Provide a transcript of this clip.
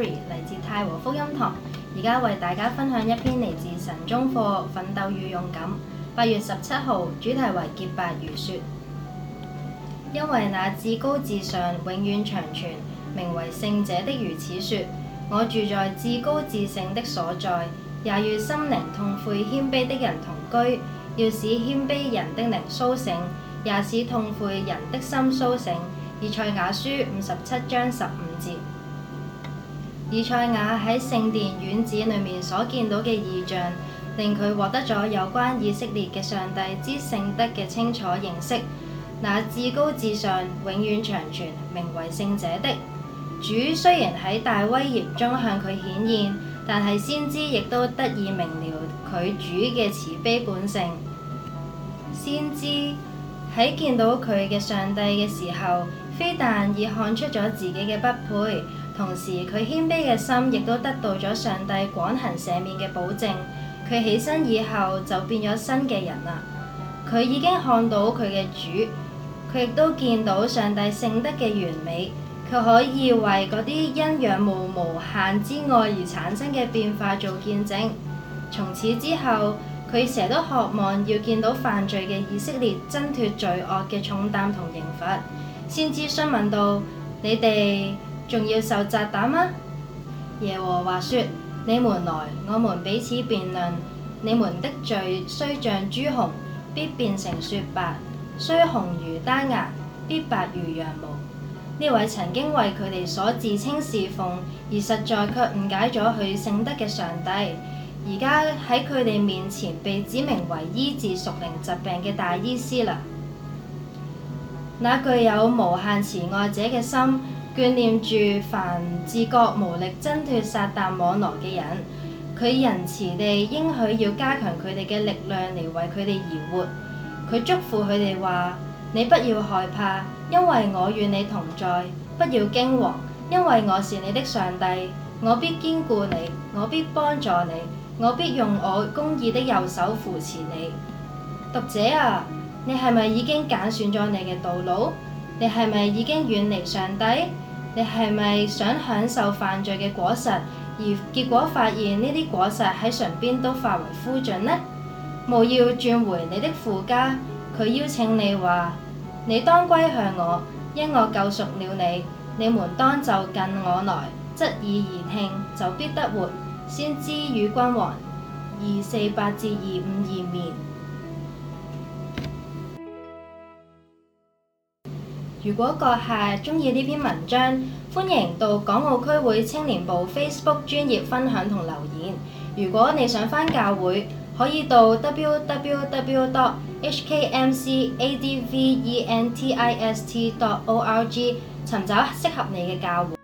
嚟自太和福音堂，而家為大家分享一篇嚟自神中課《奮鬥與勇敢》。八月十七號，主題為潔白如雪，因為那至高至上、永遠長存，名為聖者的如此說。我住在至高至聖的所在，也與心靈痛悔、謙卑，卑的人同居，要使謙卑人的靈蘇醒，也使痛悔人的心蘇醒。以賽亞書五十七章十五節。以賽亞喺聖殿院子裏面所見到嘅異象，令佢獲得咗有關以色列嘅上帝之聖德嘅清楚認識。那至高至上、永遠長存、名為聖者的主，雖然喺大威嚴中向佢顯現，但係先知亦都得以明了佢主嘅慈悲本性。先知喺見到佢嘅上帝嘅時候。非但已看出咗自己嘅不配，同時佢謙卑嘅心亦都得到咗上帝廣行赦免嘅保證。佢起身以後就變咗新嘅人啦。佢已經看到佢嘅主，佢亦都見到上帝聖德嘅完美。佢可以為嗰啲因仰慕無限之愛而產生嘅變化做見證。從此之後，佢成日都渴望要見到犯罪嘅以色列掙脫罪惡嘅重擔同刑罰。先知詢問道：「你哋仲要受責打嗎？耶和華說：你們來，我們彼此辯論。你們的罪雖像朱紅，必變成雪白；雖紅如丹顏，必白如羊毛。呢位曾經為佢哋所自稱侍奉，而實在卻誤解咗佢聖德嘅上帝，而家喺佢哋面前被指名為醫治屬靈疾病嘅大醫師啦。那具有無限慈愛者嘅心，眷念住凡自覺無力掙脱撒旦網羅嘅人，佢仁慈地應許要加強佢哋嘅力量嚟為佢哋而活。佢祝福佢哋話：你不要害怕，因為我與你同在；不要驚惶，因為我是你的上帝，我必堅固你，我必幫助你，我必用我公義的右手扶持你。讀者啊！你係咪已經揀選咗你嘅道路？你係咪已經遠離上帝？你係咪想享受犯罪嘅果實，而結果發現呢啲果實喺上邊都化為灰燼呢？務要轉回你的父家，佢邀請你話：你當歸向我，因我救贖了你。你們當就近我來，側耳而聽，就必得活，先知與君王。二四八至二五二面。如果閣下中意呢篇文章，歡迎到港澳區會青年部 Facebook 專頁分享同留言。如果你想翻教會，可以到 www.hkmcadventist.org 尋找適合你嘅教會。